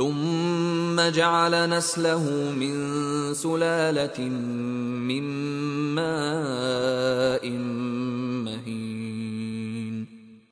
ثم جعل نسله من سلاله من